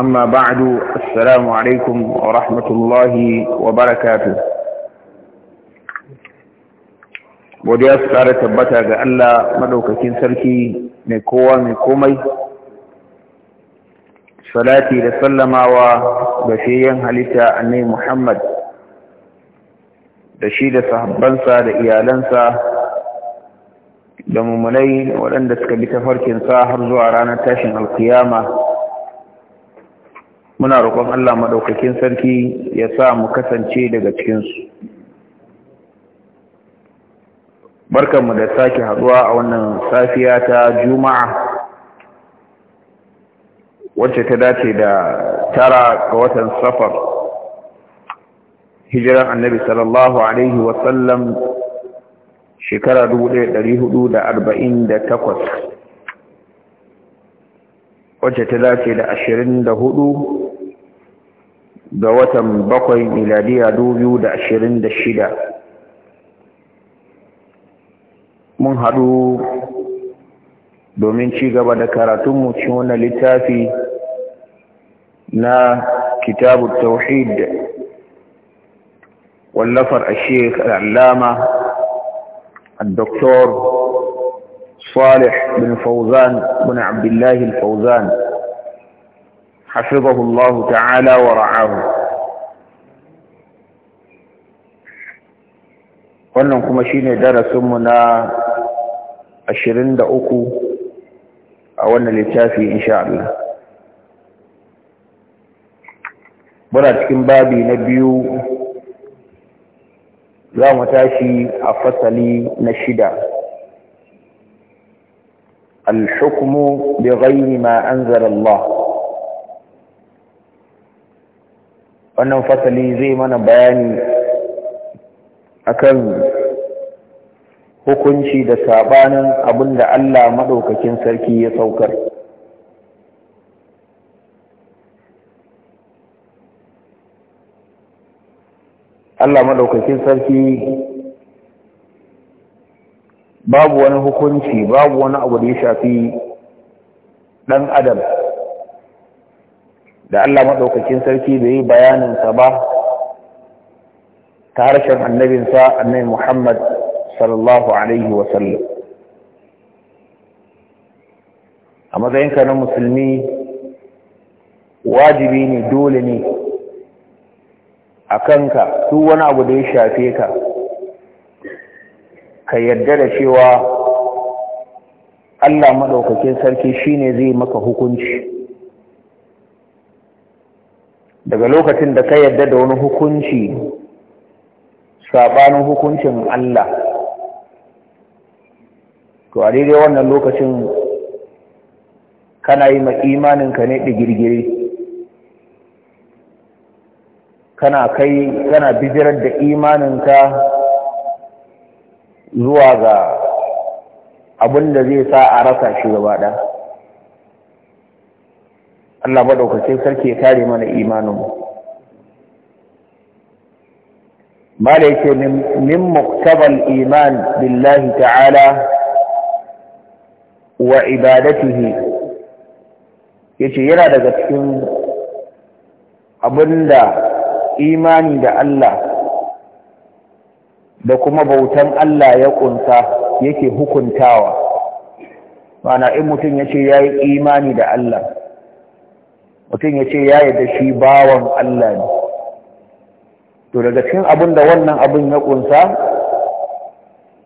أما بعد السلام عليكم ورحمة الله وبركاته godiya su ƙara tabbata ga Allah maɗaukakin sarki mai kowa mai komai salati da sallamawa ga shayyan halitta annai Muhammad da shi da sahabbansa da iyalansa da mummunai waɗanda suka bi tafarkinsa har zuwa ranar tashin alkiyama muna roƙon Allah maɗaukakin sarki ya sa mu kasance daga cikinsu barkanmu da sake haɗuwa a wannan safiya ta juma'a wacce ta dace da tara ga watan safar hijiran annabi sallallahu alaihi wasallam shekara 1448 wacce ta dace da ashirin da hudu ga watan bakwai miladiya dubu da ashirin da shida mun haɗu domin ci gaba da karatunmu cikin wannan littafi na kitabu tauhid wallafar a shek a الدكتور صالح بن فوزان بن عبد الله الفوزان حفظه الله تعالى ورعاه wannan kuma shine darasinmu na ashirin da uku a wannan littafi insha Allah muna cikin babi na biyu za mu tashi a fasali na shida الحكم بغير ما أنزل الله wannan fasali zai mana bayani akan hukunci da sabanin abin da Allah maɗaukakin sarki ya saukar Allah maɗaukakin sarki babu wani hukunci babu wani abu da ya shafi ɗan adam da Allah maɗaukakin sarki da yi bayaninsa ba ta harshen annabinsa annabi Muhammad sallallahu Alaihi wasallam a matsayinka na musulmi wajibi ne dole ne a kanka duk wani abu da ya shafe ka ka yarda da cewa Allah maɗaukakin sarki shine zai maka hukunci daga lokacin da ka yarda da wani hukunci saɓanin hukuncin Allah to a daidai wannan lokacin kana yi ma imaninka ne digirgiri kana kai kana bijirar da imaninka zuwa ga abin da zai sa a rasa shi gaba ɗan Allah maɗaukacin sarki ya kare mana imanin ba da yake min muktabal iman billahi ta'ala wa ibadatihi ce yana daga cikin da imani da Allah da kuma bautan Allah ya ƙunsa yake hukuntawa mana in mutum ya ce ya yi imani da Allah mutum ya ce ya da shi bawan Allah ne to daga cikin abin da wannan abin ya ƙunsa,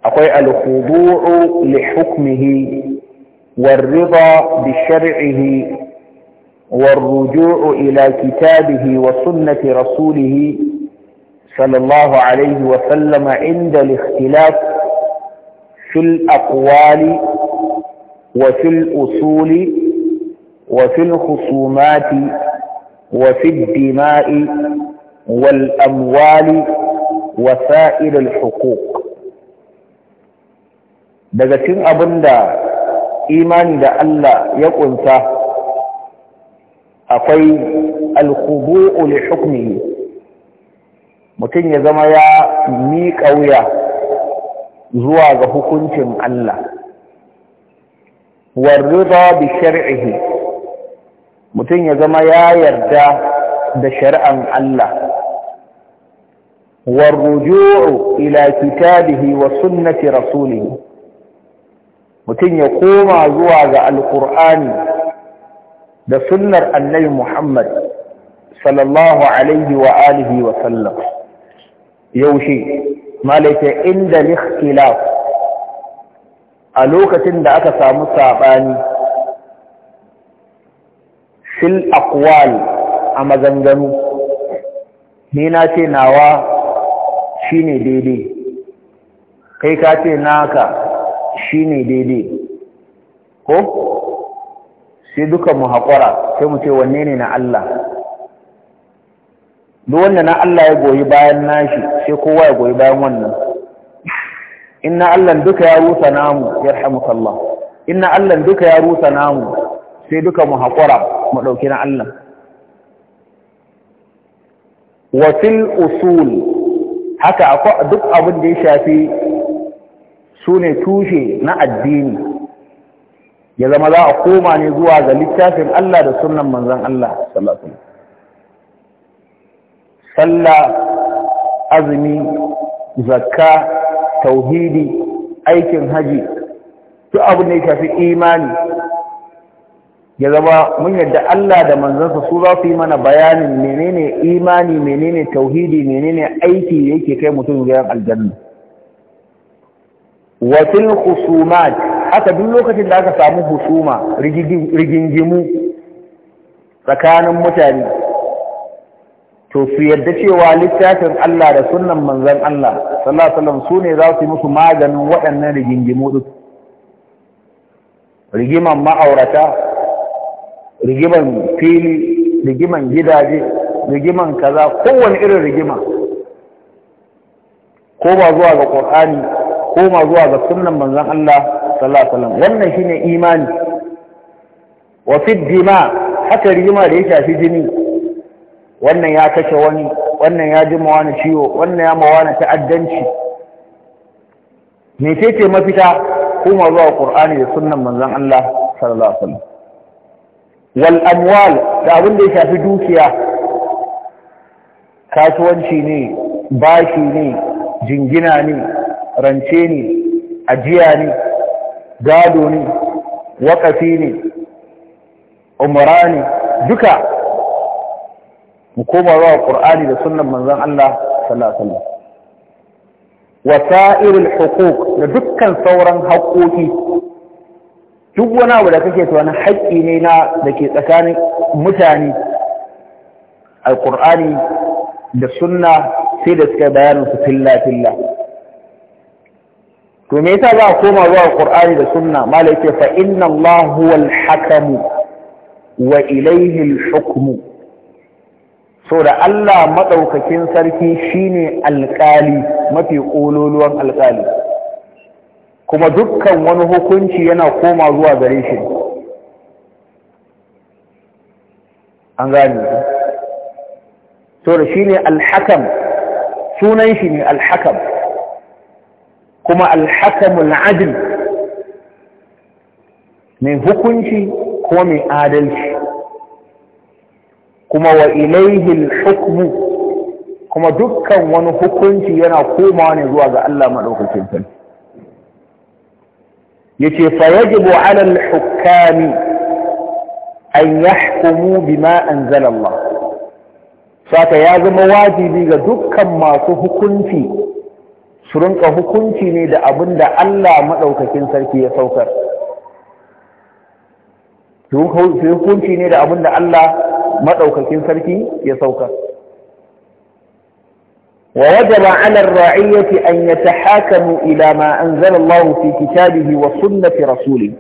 akwai alhudu'u li hukmihi والرضا بشرعه ila kitabihi, wa sunnati rasulihi. صلى الله عليه وسلم عند الاختلاف في الأقوال وفي الأصول وفي الخصومات وفي الدماء والأموال وسائر الحقوق daga cin abin da imani da Allah ya ƙunsa akwai alkubu'u li hukmihi mutum ya zama ya miƙa wuya zuwa ga hukuncin Allah warrida bi shar'ihi mutum ya zama ya yarda da shari'an Allah warruju'u ila kitabihi wa sunnati rasulihi mutum ya koma zuwa ga alqur'ani da sunnar annabi Muhammad sallallahu alaihi wa alihi wa yaushe malaita inda likhtilaf a lokacin da aka samu saɓani fil akwal a maganganu ni na ce nawa shine daidai kai ka ce naka shine daidai ko sai duka mu haƙura sai mu ce wanne ne na Allah duk wanda na Allah ya goyi bayan nashi sai kowa ya goyi bayan wannan inna Allah duka ya rusa namu yarhamukallah inna Allah duka ya rusa namu sai duka mu haƙura mu ɗauki na Allah wasil usul haka duk abin da ya shafi sune tushe na addini ya zama za a koma ne zuwa ga littafin Allah da sunan manzon Allah sallallahu alaihi wasallam sallah azumi zakka tauhidi aikin haji duk abu ne shafi imani ya zama mun yadda Allah da manzansa su za su yi mana bayanin menene imani menene tauhidi menene aiki yake kai mutum gidan aljanna watil khusumat haka duk lokacin da aka samu husuma rigingimu tsakanin mutane to su yadda cewa littafin Allah da sunan manzan Allah sallallahu su ne za su yi musu maganin waɗannan rigingimu duk rigiman ma'aurata rigiman fili rigiman gidaje rigiman kaza kowane irin rigima ko ba zuwa ga ƙorani ko ma zuwa ga sunan manzan Allah sallallahu wannan shi wannan shine imani wa fi dima haka rigima da ya shafi jini wannan ya kashe wani wannan ya ji wani ciwo wannan ya mawana ta'addanci mecece mafita kuma zuwa qur'ani da sunnan manzon Allah sallallahu alaihi wasallam wal amwal da abin da ya shafi dukiya kasuwanci ne bashi ne jingina ne rance ne ajiya ne gado ne waƙafi ne umra ne duka mu koma zuwa qur'ani da sunan manzan Allah sallallahu alaihi wasallam wasa'irul da dukkan sauran haƙoƙi duk wani abu da kake tunanin haƙƙi ne na da ke tsakanin mutane alƙur'ani da sunna sai da suka bayanin su filla-filla to me yasa za a koma zuwa alƙur'ani da sunna malai ce fa inna Allah huwal hakamu wa ilaihin hukumu. hukmu saboda Allah maɗaukakin sarki shine alƙali mafi ƙololuwan alƙali kuma dukkan wani hukunci yana koma zuwa gare shi an gani saboda shine alhakam sunan shi ne alhakam kuma alhakamul adil mai hukunci kuma mai adalci kuma wa ilaihil hukmu kuma dukkan wani hukunci yana komawa ne zuwa ga Allah madaukakin sarki yace fa yajibu ala al hukami an yahkumu bima anzala Allah saka ya zama wajibi ga dukkan masu hukunci su rinka hukunci ne da abin da Allah madaukakin sarki ya saukar su hukunci ne da abin da Allah madaukakin sarki ya sauka wa wajaba ala ar-ra'iyyati an yatahakamu ila ma anzala Allah fi kitabihi wa sunnati rasuli.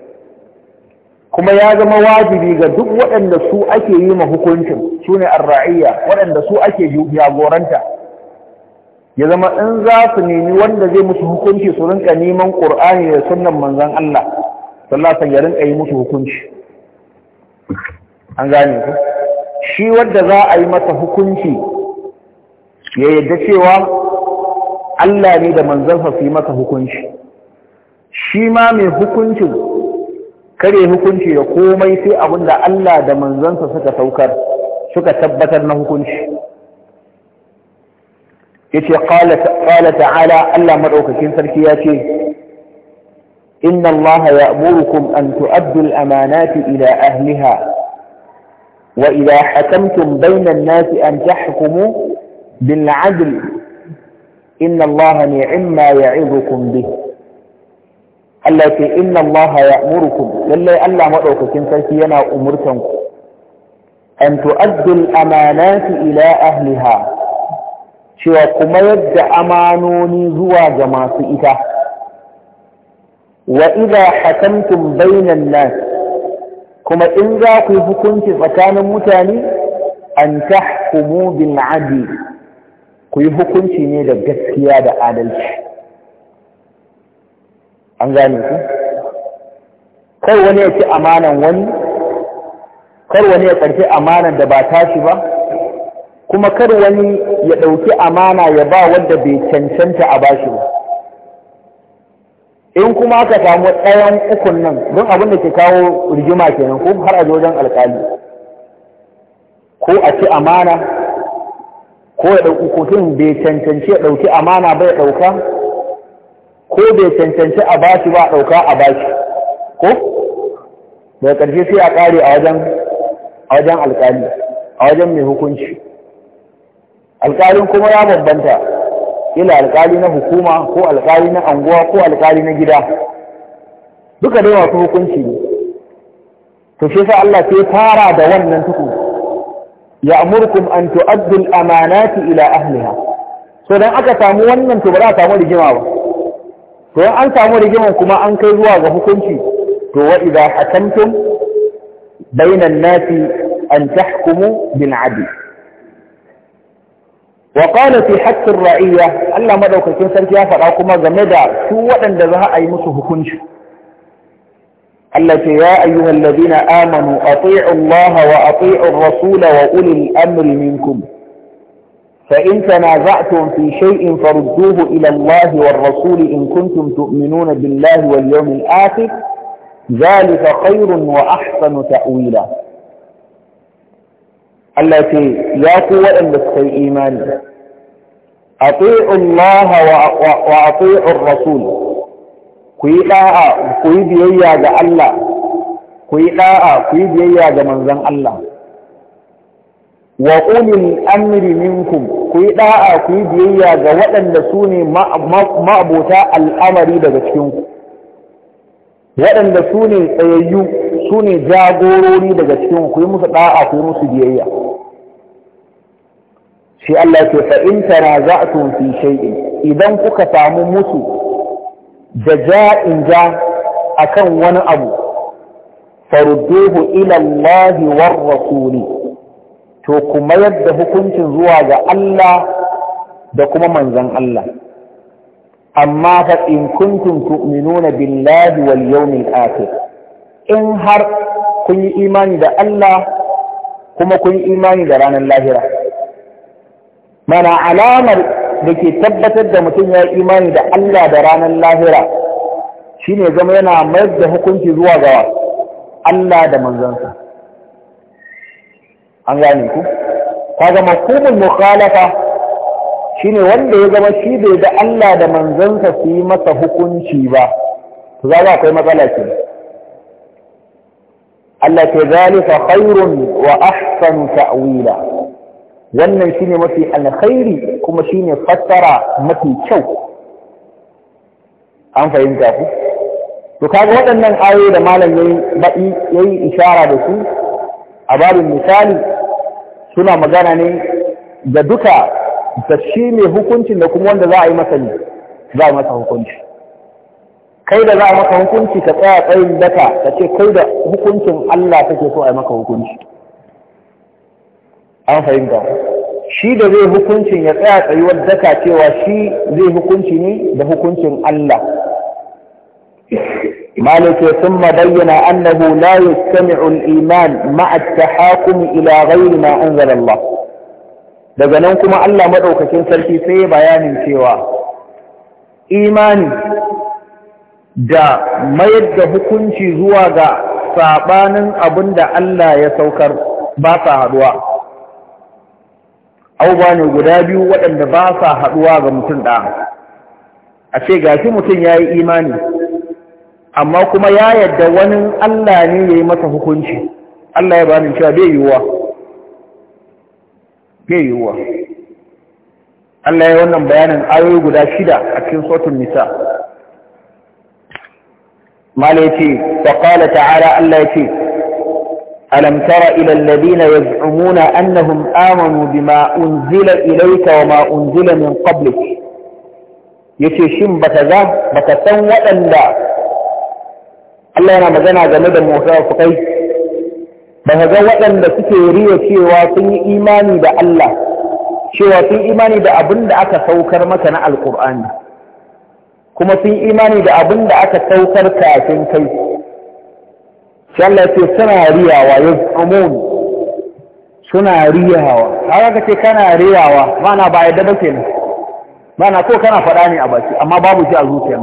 kuma ya zama wajibi ga duk waɗanda su ake yi ma hukuncin su ne ra'iyya waɗanda su ake jagoranta ya zama in za su nemi wanda zai musu hukunci su rinka neman ƙur'ani da sunan manzan Allah sallatan ya rinka yi musu hukunci an gane ku shi wadda za a yi masa hukunci ya yadda cewa Allah ne da manzansa su yi masa hukunci shi ma mai hukuncin kare hukunci da komai sai abin da Allah da manzansa suka saukar suka tabbatar na hukunci yace ƙala ta'ala Allah maɗaukakin sarki yace إن الله يأمركم أن تؤدوا الأمانات إلى أهلها وإذا حكمتم بين الناس أن تحكموا بالعدل إن الله نعم يعظكم به التي إن الله يأمركم للي ألا مرحك كنت سينا أمركم أن تؤدوا الأمانات إلى أهلها شو كما يدى أمانوني هو جماسئته وإذا حكمتم بين الناس kuma in za ku yi hukunci tsakanin mutane an tahkumu bin adi ku yi hukunci ne da gaskiya da adalci an gane ku kai wani ya ci amanan wani kar wani ya karfi amanan da ba tashi ba kuma kar wani ya ɗauki amana ya ba wadda bai cancanta a bashi ba in kuma aka samu ɗayan ukun nan don abin da ke kawo rigima kenan ko har a wajen alƙali ko a ci amana ko ya ɗauki kotun bai cancanci ya ɗauki amana bai ɗauka ko bai cancanci a bashi ba ɗauka a bashi ko daga ƙarshe sai a ƙare a wajen a wajen alƙali a wajen mai hukunci alƙalin kuma ya bambanta ila alkali na hukuma ko alƙali na anguwa ko alƙali na gida duka dai masu hukunci ne to shi sa Allah sai fara da wannan tukun ya amurkum an tu'addu al-amanati ila ahliha so dan aka samu wannan to ba za a samu rigima ba to an samu rigiman kuma an kai zuwa ga hukunci to wa idza hakamtum bainan nasi an tahkumu bil adl وقال في حق الرعية ألا مدوك الكنسان تيافة أقوم زمدا سوءاً لذها أي مسه كنش التي يا أيها الذين آمنوا أطيعوا الله وأطيعوا الرسول وأولي الأمر منكم فإن تنازعتم في شيء فردوه إلى الله والرسول إن كنتم تؤمنون بالله واليوم الآخر ذلك خير وأحسن تأويلاً Allah ce ya ku waɗanda suka yi imani ati'u Allah wa ati'u Rasul ku yi da'a ku yi biyayya ga Allah ku yi ku yi biyayya ga manzon Allah wa ulil amri minkum ku yi ɗa'a ku yi biyayya ga waɗanda su ne ma'abota al'amari daga cikinku waɗanda su ne tsayayyu su ne jagorori daga cikin ku yi musu ɗa'a ku yi musu biyayya shi Allah ke fa za tanaza'tum fi shaiɗi. idan kuka samu musu da ja'in ja akan wani abu farudduhu ila Allah war rasuli to kuma yadda hukuncin zuwa ga Allah da kuma manzon Allah amma fa in kuntum tu'minuna billahi wal yawmil akhir in har kun yi imani da Allah kuma kun yi imani da ranar lahira mana alamar da ke tabbatar da mutum ya yi imani da Allah da ranar lahira shi ne zama yana mayar da hukunci zuwa gawa Allah da manzansa an gane ku kaga mafhumul mukhalafa ne wanda ya zama shi bai da Allah da manzansa su yi masa hukunci ba za za kai matsala ke. Allah ce zalika khairun wa ahsanu ta'wila wannan shine mafi alkhairi kuma shine fassara mafi kyau an fahimta ku to kaga waɗannan ayoyi da malam yayi ba'i yayi ishara da su a babin misali suna magana ne da duka da shi mai hukuncin da kuma wanda za a yi masa ne za a masa hukunci kai da za a maka hukunci ka tsaya tsayin daka ka ce kai da hukuncin Allah kake so a maka hukunci an fahimta shi da zai hukuncin ya tsaya tsayuwar daka cewa shi zai hukunci ne da hukuncin Allah مالك ثم بين أنه لا يجتمع الإيمان مع التحاكم إلى غير ما أنزل الله daga nan kuma Allah maɗaukakin sarki sai bayanin cewa imani da mayar da hukunci zuwa ga sabanin abin da Allah ya saukar ba sa haduwa abubuwa ne guda biyu waɗanda ba sa haduwa ga mutum ɗaya a ce gashi mutum ya yi imani amma kuma ya yadda wani Allah ne ya yi masa hukunci Allah ya bani cewa bai yiwuwa bai yiwuwa Allah ya yi wannan bayanin ayoyi guda shida a cikin sotun nisa malaiti wa qala ta'ala Allah yace alam tara ila alladhina yaz'umuna annahum amanu bima wa ma yace shin baka za baka san waɗanda Allah yana magana game da kai. baka ga waɗanda suke riya cewa sun yi imani da Allah cewa sun imani da abin da aka saukar maka na alkur'ani kuma sun imani da abin da aka saukar kafin kai shi Allah ce suna riyawa ya tsamun suna riyawa har aka ce kana riyawa mana ba yadda ba kenan mana ko kana faɗa ne a baki amma babu shi a zuciya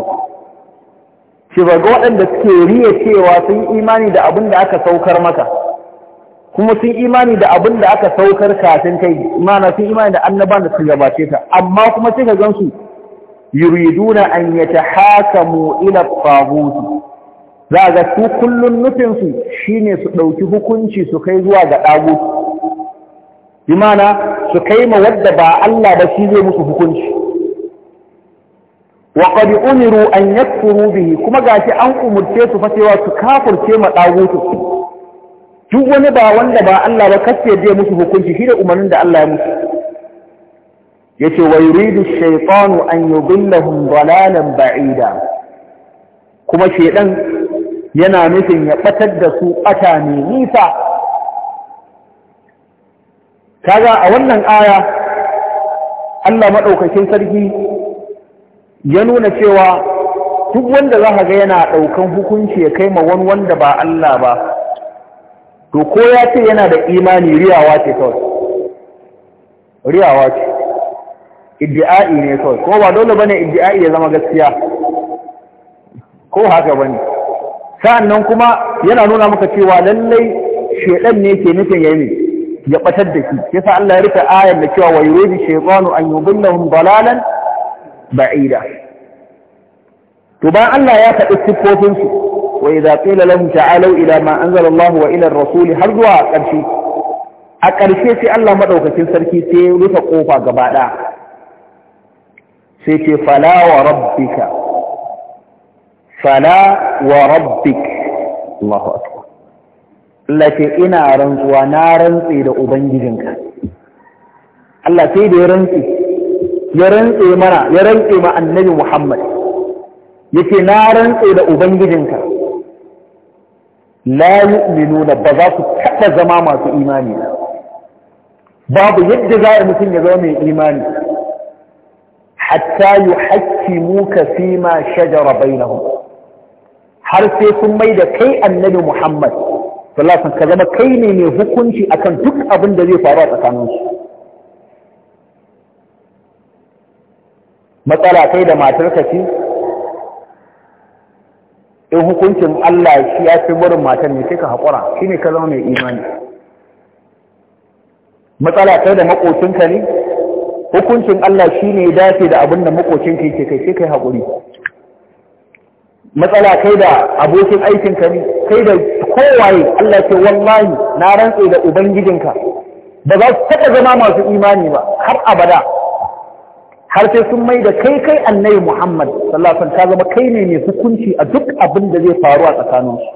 shi ba ga waɗanda suke riya cewa sun imani da abin da aka saukar maka kuma sun imani da abin da aka saukar kafin kai mana sun imani da annaban da suka gabace ka amma kuma sai ka gansu yuriduna an yatahakamu ila taghut za ga su kullun nufin su shine su dauki hukunci su kai zuwa ga dagut imana su kai ma wadda ba Allah ba shi zai musu hukunci wa qad umiru an yakfuru bihi kuma gashi an umurce su fa cewa su kafurce ma dagut duk wani ba wanda ba Allah ba kace zai musu hukunci shi da umarnin da Allah ya musu yace wa yuridu ash-shaytanu an yudillahum dalalan ba'ida kuma shedan yana nufin ya batar da su ɓata ne nisa kaga a wannan aya Allah madaukakin sarki ya nuna cewa duk wanda za ga yana ɗaukan hukunci ya kai ma wani wanda ba Allah ba to ko ya ce yana da imani riyawa ce kawai riyawa ce iddi'ai ne kawai ko ba dole bane iddi'ai ya zama gaskiya ko haka bane sa'annan kuma yana nuna maka cewa lallai shedan ne ke nufin yayi ya batar da shi yasa Allah ya rufe ayar da cewa wayuridu shaytanu an yudillahum dalalan ba'ida to Allah ya faɗi siffofin su wa idza qila lahum ta'alu ila ma anzala Allah wa ila ar-rasul har zuwa ƙarshe a ƙarshe sai Allah madaukakin sarki sai ya rufe kofa gaba ɗaya sai ce fala wa rabbika fala wa rabbik Allahu akbar Allah ce ina rantsuwa na rantse da ubangijinka Allah sai da ya rantse ya rantse mana ya rantse ma annabi Muhammad yace na rantse da ubangijinka la yu'minuna ba za su taɓa zama masu imani babu yadda za a mutum ya zama mai imani hatta yuhaqqimuka fima shajara bainahum har sai sun mai da kai annabi Muhammad sallallahu alaihi ka zama kai ne mai hukunci akan duk abin da zai faru a tsakaninsu matsala kai da matarka ce in hukuncin Allah shi ya fi wurin matar ne sai ka haƙura shi ka zama mai imani matsala kai da maƙocinka ne hukuncin Allah shine ya dace da abin da makocin ka yake kai kai hakuri matsala kai da abokin aikin ka ne kai da kowaye Allah ce wallahi na rantse da ubangijinka ba za su taɓa zama masu imani ba har abada har sai sun mai da kai kai annabi Muhammad sallafan ta zama kai ne mai hukunci a duk abin da zai faru a tsakaninsu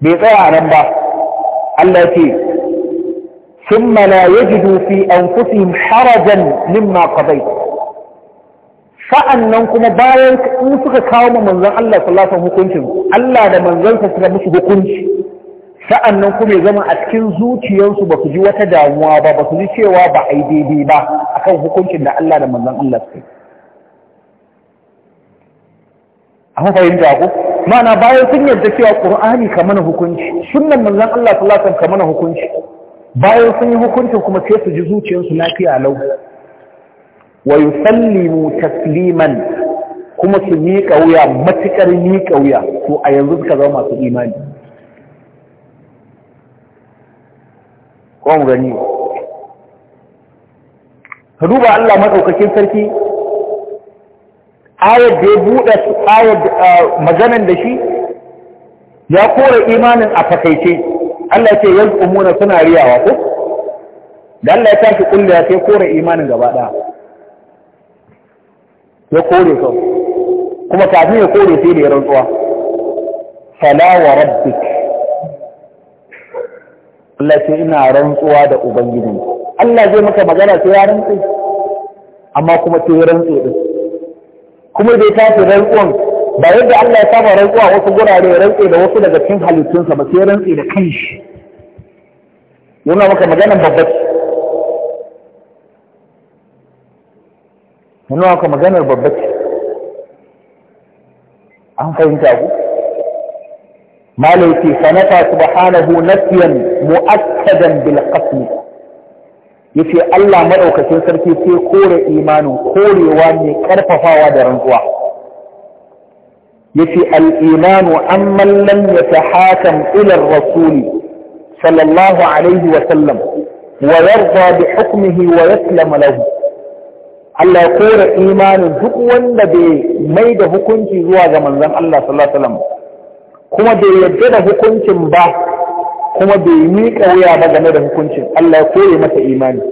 bai tsaya a nan ba Allah ce ثم لا يجدوا في أنفسهم حرجا مما قضيت sa'annan kuma bayan in suka kawo ma manzon Allah sallallahu alaihi hukuncin Allah da manzansa suka musu hukunci sa'annan kuma ya zama a cikin zuciyarsu ba su ji wata damuwa ba ba su ji cewa ba a yi daidai ba akan hukuncin da Allah da manzon Allah suka yi an fahimta ku ma'ana bayan sun yarda cewa Qur'ani kamar hukunci Allah bayan sun yi hukuncin kuma sai su ji zuciyarsu lafiya lau wa mu tasliman kuma su yi wuya matuƙar yi wuya ko a yanzu suka zama masu imani ƙwan gani ka duba Allah maɗaukakin sarki ayar da ya buɗe ayar ah, maganan da shi ya kore imanin a fakaice Allah ce yanzu umuna suna riyawa ko da Allah ya tashi kulliya sai kore imanin gaba ɗaya ya kore kawai kuma kafin ya kore sai da ya rantsuwa salawa rabbik Allah ce ina rantsuwa da ubangiji Allah zai maka magana sai ya rantsu? amma kuma sai ya rantsu din kuma zai tashi rantsuwan ba yadda Allah ya saba rantsuwa wasu gurare ya rantse da wasu daga cikin halittunsa ba sai ya rantse da shi yana maka maganar babba ce yana maka maganar babba ce an fahimta ku malaiki sanata subhanahu nafiyan mu'akkadan bil qasm yace Allah madaukakin sarki sai kore imanin korewa ne karfafawa da rantsuwa yace al-imanu amman lam yatahakam rasuli. ar-rasul sallallahu alaihi wa sallam wa yarda bi hukmihi wa yaslama Allah ya imanin duk wanda bai mai da hukunci zuwa ga manzon Allah sallallahu alaihi wasallam kuma bai yadda da hukuncin ba kuma bai miƙa wuya ba game da hukuncin Allah kore masa imani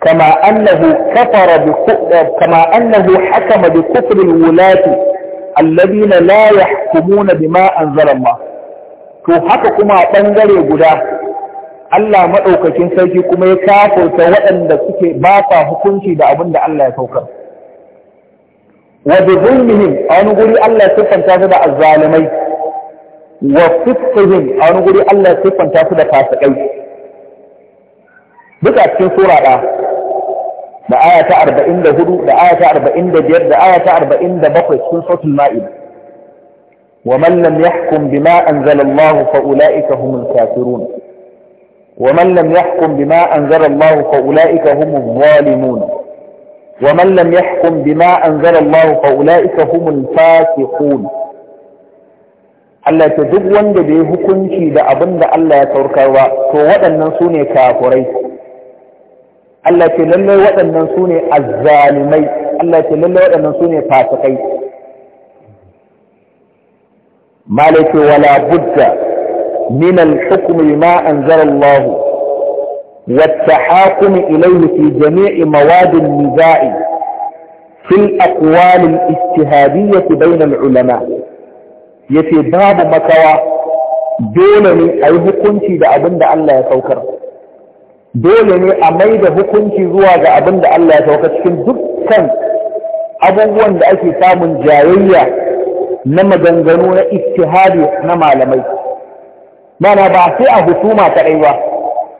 kama kama annahu bi kufrin wulati alladina la yahkumuna bima anzala Allah to haka kuma a bangare guda Allah madaukakin sarki kuma ya kafurta waɗanda suke ba hukunci da abin da Allah ya saukar wa bi zulmihim a wani guri Allah ya siffanta su da azzalimai wa fisqihim a wani guri Allah ya siffanta su da fasikai duka cikin sura ɗaya da aya ta 44 da aya ta 45 da aya ta 47 sun sautul ma'ida wa man lam yahkum bima anzala Allah fa ulaika humul kafirun wa man lam yahkum bima anzala Allah fa ulaika humuz zalimun wa man lam yahkum bima anzala Allah fa ulaika humul fasiqun Allah ta duk wanda bai hukunci da abin da Allah ya saukar to waɗannan su ne kafurai Allah ce lallai waɗannan su ne azzalimai Allah ce lallai waɗannan su ne fasikai malai wala budda min al-hukmi ma anzara Allah wa at-tahakkum ilayhi fi jami'i mawadin nizai nizaai fi al-aqwal al-istihadiyyah ulama yace babu makawa dole ne a yi hukunci da abinda Allah ya saukar dole ne a mai da hukunci zuwa ga abin da Allah ya sauka cikin dukkan abubuwan da ake samun jayayya na maganganu na istihari na malamai mana ba sai a husuma kaɗai ba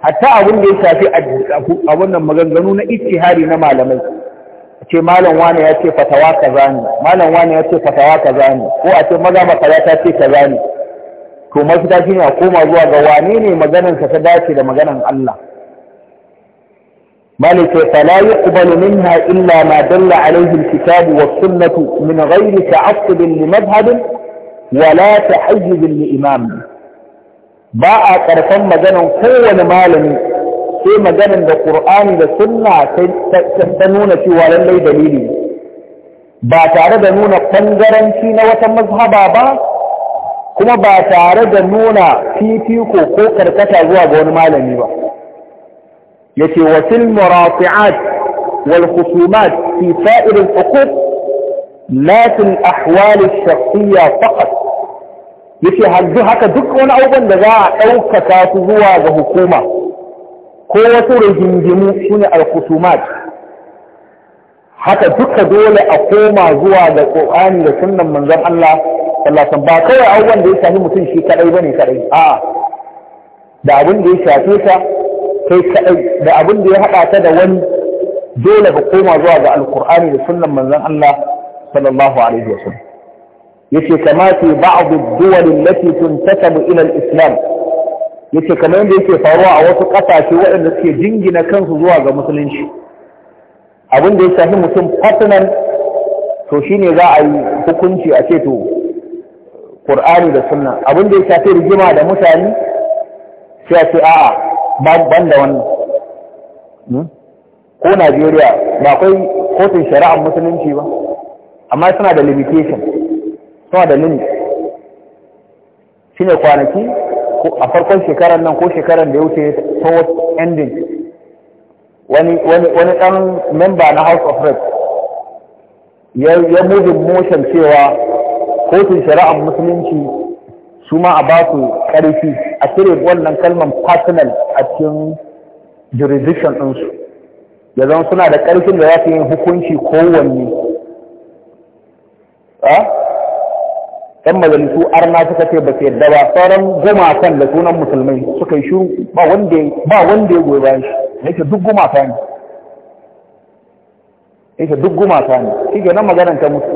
hatta abin da ya shafi a wannan maganganu na istihari na malamai A ce malam wani ya ce fatawa kaza ne malam wani ya ce fatawa kaza ne ko a ce maza kaza ta ce kaza ne to mafita shine a koma zuwa ga wane ne maganarsa ta dace da maganar Allah مالك فلا يقبل منها إلا ما دل عليه الكتاب والسنة من غير تعصب لمذهب ولا تحيز لإمام باء كرفان مجانا قوة مالني sai maganin da ƙur'ani da sunna ta nuna cewa lallai dalili ba tare da nuna ɓangaranci na wata mazhaba ba kuma ba tare da nuna fifiko ko karkata zuwa ga wani malami ba yace wa fil murafi'at wal khusumat fi sa'ir al huquq la fil ahwal al shakhsiyya faqat yace haddu haka duk wani abubuwan da za a ɗaukaka su zuwa ga hukuma ko wasu rigingimu shine al khusumat haka duka dole a koma zuwa ga Qur'ani da sunnan manzon Allah sallallahu ba kawai abubuwan da ya shafi mutum shi kadai bane kadai a'a da abin da ya shafe sa kai kaɗai da abin da ya haɗa ta da wani dole ka koma zuwa ga alkur'ani da sunan manzan Allah sallallahu alaihi Ya yace kama ba ba'd ad-duwal allati tuntasabu ila al-islam yace kama yadda yake faruwa a wasu ƙasashe waɗanda suke jingina kansu zuwa ga musulunci abin da ya shafi mutum personal to shine za a yi hukunci a ce to da sunna abin da ya shafi rigima da mutane sai a ce a'a ban da wannan hmm? ko Najeriya ba akwai kotun shari'ar musulunci ba amma suna da limitation suna da limit shine kwanaki a farkon shekarar nan ko shekarar da ya wuce towards ending wani wani dan memba na House of Reps ya ya mudin motion cewa kotun shari'ar musulunci su ma a baku ƙarfi a cire wannan kalman personal a cikin jurisdiction ɗinsu ya zama suna da ƙarfin da za su yi hukunci kowanne ba ɗan majalisu arna suka ce ba su yadda ba sauran gumakan da sunan musulmai suka yi shuru ba wanda ya goyi bayan shi yake duk gumaka ne yake duk gumaka ne shi ke nan maganar ta mutu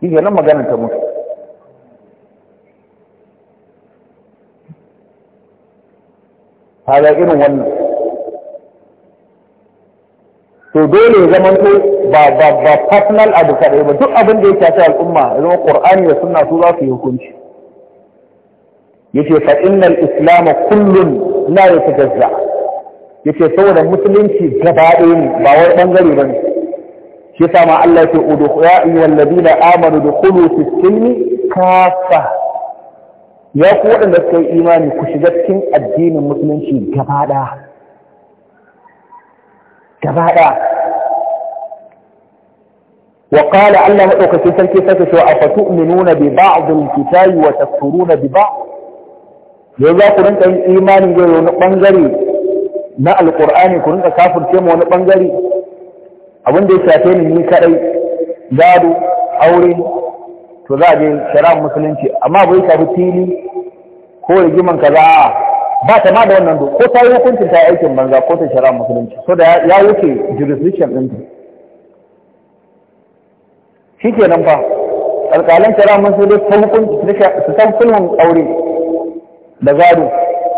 shi ke nan maganar ta mutu kaga irin wannan to dole ya zama ba personal abu kaɗai ba duk abin da ya shafi al'umma ya zama qur'ani da sunna su za su yi hukunci yace fa innal islam kullun la yatajazza yace saboda musulunci gaba ɗaya ne ba wai bangare ne shi yasa ma Allah ya ce udu ya ayyuhal ladina amanu dukhulu fis silmi kafa ya ku waɗanda suka yi imani ku shiga cikin addinin musulunci gabaɗa gabaɗa wa qala Allah madaukake sarki saka cewa a fatu'minuna bi ba'd al-kitabi wa takfuruna bi ba? yau za ku rinka yin imani ga wani ɓangare na Alƙur'ani ku rinka kafirce mu wani bangare abin da ya shafe ni ni kaɗai gado aure to za a je shari'ar musulunci amma bai shafi fili ko rigiman kaza ba ta ma da wannan do ko ta yi hukuncin ta aikin banza ko ta shari'ar musulunci so da ya wuce jurisdiction ɗin shi ke nan fa alƙalan shari'ar musulunci ta hukunci su san sulhun aure da gado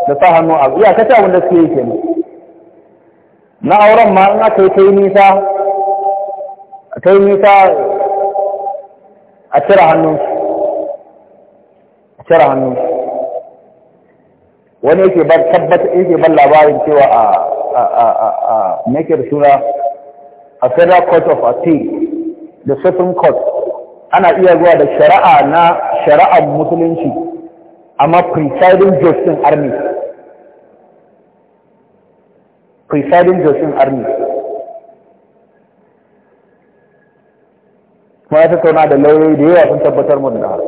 da sa hannu a iya kasa abin da suke yi kenan na auren ma in aka yi ta nisa a cire hannunsu a cire hannunsu wani yake bar tabbata yake bar labarin cewa a a a a a suna a federal court of appeal the supreme court ana iya zuwa da shari'a na shari'ar musulunci amma presiding justice army presiding justice army kuma ya tattauna da lauyoyi da yawa sun tabbatar mu da haka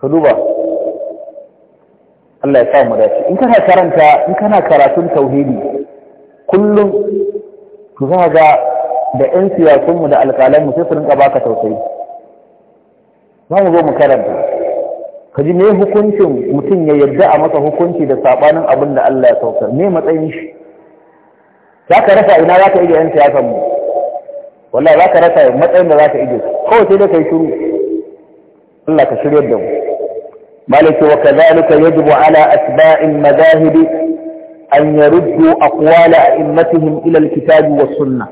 ka duba Allah ya sa mu dace in kana karanta in kana karatun tauhidi kullum to za ga da ƴan mu da mu sai su rinka baka tausayi za mu zo mu karanta ka ji me hukuncin mutum ya yarda a masa hukunci da saɓanin abin da Allah ya saukar me matsayin shi za ka rasa ina za ka iya ƴan mu wallahi zaka rasa matsayin da zaka ido kawai sai dai ka shiru Allah ka shiryar da mu malaki wa kadhalika yajibu ala asba'i madahib an yaruddu aqwala a'immatihim ila alkitab wa sunnah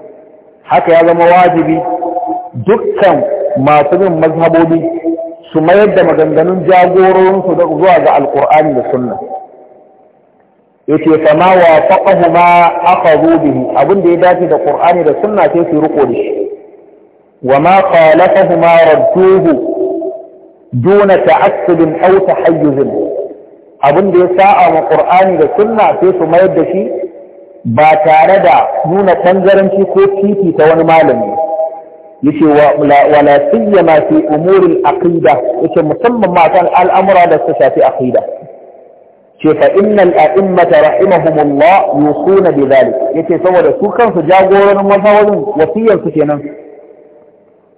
haka ya zama wajibi dukkan masu bin mazhabobi su mayar da maganganun jagororinsu zuwa ga alkur'ani da sunnah yace kama wa faqahuma akhadhu bihi abin da ya dace da qur'ani da sunna sai su riko da shi wa ma khalafahuma radduhu duna ta'assub aw tahayyuz abin da ya sa'a ma qur'ani da sunna sai su mayar da shi ba tare da nuna tangaranci ko titi ta wani malami yace wa la siyama fi umuril aqida yace musamman ma kan al'amura da suka shafi aqida ce fa innal a'immata rahimahumullah yusuna bi zalik yace saboda su kansu jagororin mazhabin wasiyar su kenan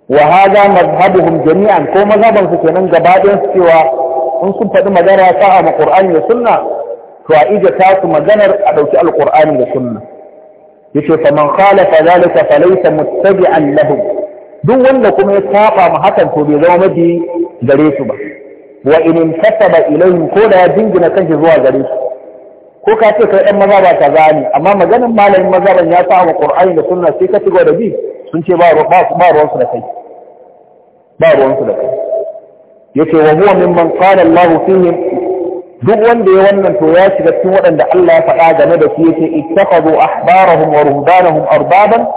wa hada mazhabuhum jami'an ko mazhaban su kenan gaba ɗayan su cewa in sun faɗi magana ya sa'a ma da Sunna to a ija ta su maganar a ɗauki alqur'ani da sunna yace fa man khalafa zalika falaysa muttabi'an lahum duk wanda kuma ya saba ma hakan to bai zama mabi gare su ba wa in intasaba ilayhi ko da ya jingina kanshi zuwa gare shi ko ka ce kai maza ba kaza ne amma maganin malamin mazaban ya sa wa qur'ani da sunna sai ka ci da bi sun ce ba ba ruwan su da kai ba ruwan su da kai yace wa huwa mimman qala Allahu fihim duk wanda ya wannan to ya shiga cikin waɗanda Allah ya faɗa game da su yace ittakhadhu ahbarahum wa ruhbanahum arbaban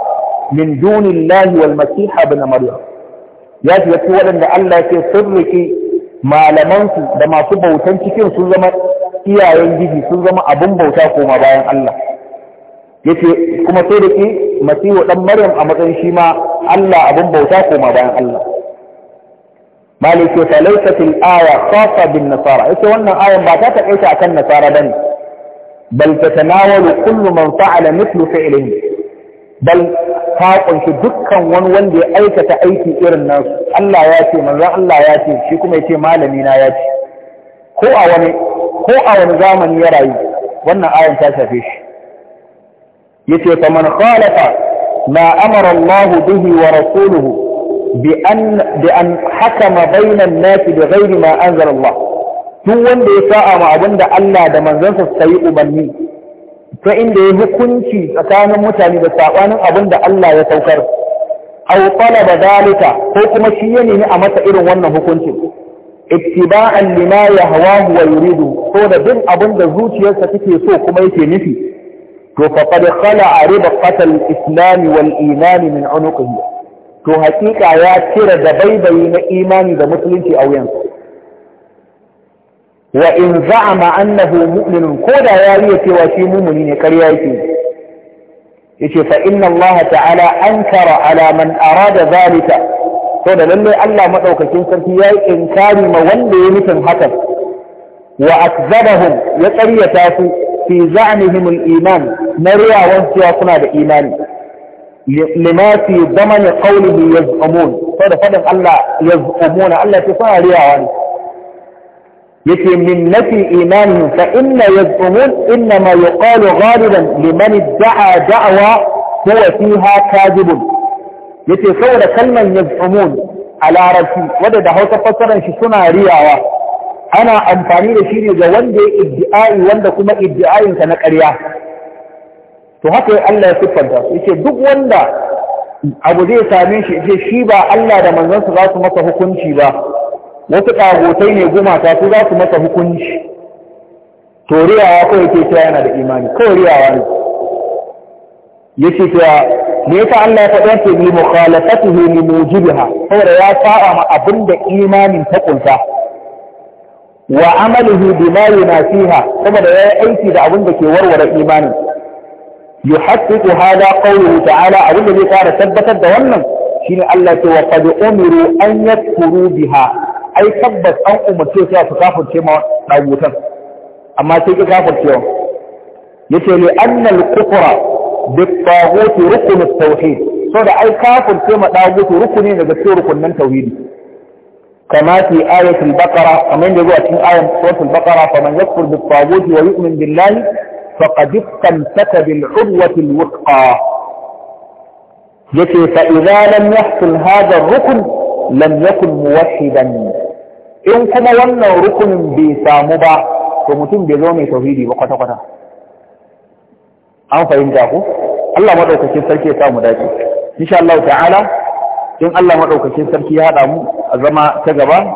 min dunillahi wal masiha ibn maryam ya shiga cikin waɗanda Allah ya ce sirriki malamansu da masu bautan cikin sun zama iyayen giji sun zama abin bauta koma bayan Allah yace kuma sai da ki masihu dan maryam a matsayin shi ma Allah abin bauta koma bayan Allah malike fa laysatil aya khassa bin nasara yace wannan ayan ba ta takaita akan nasara bane bal tatanawalu kullu man fa'ala mithlu fi'lihi bal ta kunshi dukkan wani wanda ya aikata aiki irin nasu Allah ya ce manzon Allah ya ce shi kuma ya ce malami na ya ce ko a wani ko a wani zamani ya rayu wannan ayan ta shafe shi yace faman khalafa ma amara Allah bihi wa rasuluhu bi an bi an hakama bainan nasi bi ghairi ma anzala Allah duk wanda ya sa'a ma abinda Allah da manzansa sai ubanni ta inda ya hukunci tsakanin mutane da saɓanin abin da Allah ya saukar au da dalika ko kuma shi ya nemi a masa irin wannan hukuncin ittiba'an lima hawa wa yuridu so da bin abin da zuciyarsa take so kuma yake nufi to faqad khala'a ribqatal islam wal iman min unuqihi to hakika ya cire da baibayi na imani da musulunci a wuyansa wa in za'ama annahu mu'minun ko da ya riya cewa shi mumuni ne ƙarya yake yace fa inna Allah ta'ala ankara ala man arada zalika to da lalle Allah madaukakin sarki yayi inkari ma wanda ya nufin hakan wa akzabahum ya ƙaryata su fi za'mihim al-iman na riyawan cewa kuna da imani lima fi zamani qawlihi yaz'umun to da fadin Allah yaz'umuna Allah ya ce kuna riyawa ne yake min nafi imanin fa inna yaz'umun inna ma yuqalu ghaliban liman da'a da'wa huwa fiha kadibun yace saboda kalman yaz'umun a larabci wadda da Hausa fassarar shi suna riyawa ana amfani da shi ne ga wanda ya iddi'ai wanda kuma iddi'ayinsa na ƙarya to haka Allah ya siffanta yace duk wanda abu zai same shi yace shi ba Allah da manzansa za su masa hukunci ba wasu ƙagotai ne gumata su za su masa hukunci Toriyawa riyawa kawai ke cewa yana da imani kawai ne ya ce cewa me yasa Allah ya faɗi yake bi mukhalafatuhu li mujibiha saboda ya saba ma abin da imanin ta ƙunta wa amaluhu na fiha, saboda ya yi aiki da abin da ke warware imanin yuhaqqiqu hada qawluhu ta'ala abin da zai fara tabbatar da wannan shine Allah ce wa faɗi umiru an turu biha ai tabbas an umarce sai su kafirce ma dagutan amma sai ki kafirce wa yace ne annal kufra bi taghut rukun at-tauhid so da ai kafirce ma dagut rukuni daga cikin rukunin tauhidi kama fi ayatul baqara kamar yadda zuwa cikin ayan suratul baqara fa man yakfur bi taghut wa yu'min billahi faqad istamsaka bil urwati al-wuthqa yace fa idza lam yahsul hadha ar-rukn lam yakun muwahhidan in kuma wannan rukunin bai samu ba to mutum bai zo mai tauhidi ba kwata-kwata an fahimta ku Allah madaukakin sarki ya samu dace insha Allah ta'ala in Allah madaukakin sarki ya hada mu a zama ta gaba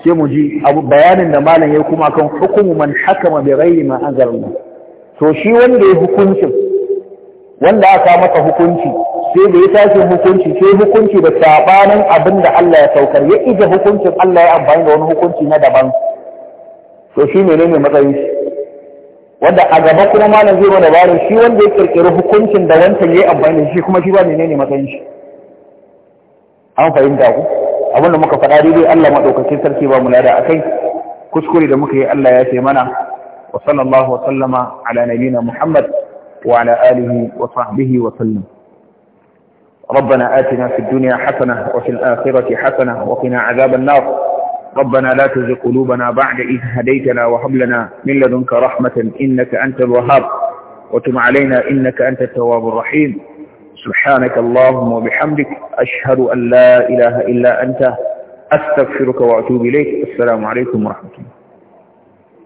sai mu ji abu bayanin da malam yayi kuma kan hukumu man hakama bi ghairi ma to shi wanda ya hukuncin wanda aka maka hukunci sai da ya tashi hukunci sai hukunci da sabanin abin da Allah ya saukar ya ije hukuncin Allah ya amfani da wani hukunci na daban to shi ne ne matsayin shi wanda a gaba kuma malam zai mana bayanin shi wanda ya kirkiri hukuncin da wancan ya amfani da shi kuma shi ba ne ne matsayin shi an fahimta ku abin da muka faɗa daidai Allah madaukakin sarki ba mu lada akai kuskure da muka yi Allah ya ce mana wa sallallahu wa sallama ala nabiyina Muhammad وعلى آله وصحبه وسلم ربنا آتنا في الدنيا حسنة وفي الآخرة حسنة وقنا عذاب النار ربنا لا تزغ قلوبنا بعد إذ هديتنا وهب لنا من لدنك رحمة إنك أنت الوهاب وتم علينا إنك أنت التواب الرحيم سبحانك اللهم وبحمدك أشهد أن لا إله إلا أنت أستغفرك وأتوب إليك السلام عليكم ورحمة الله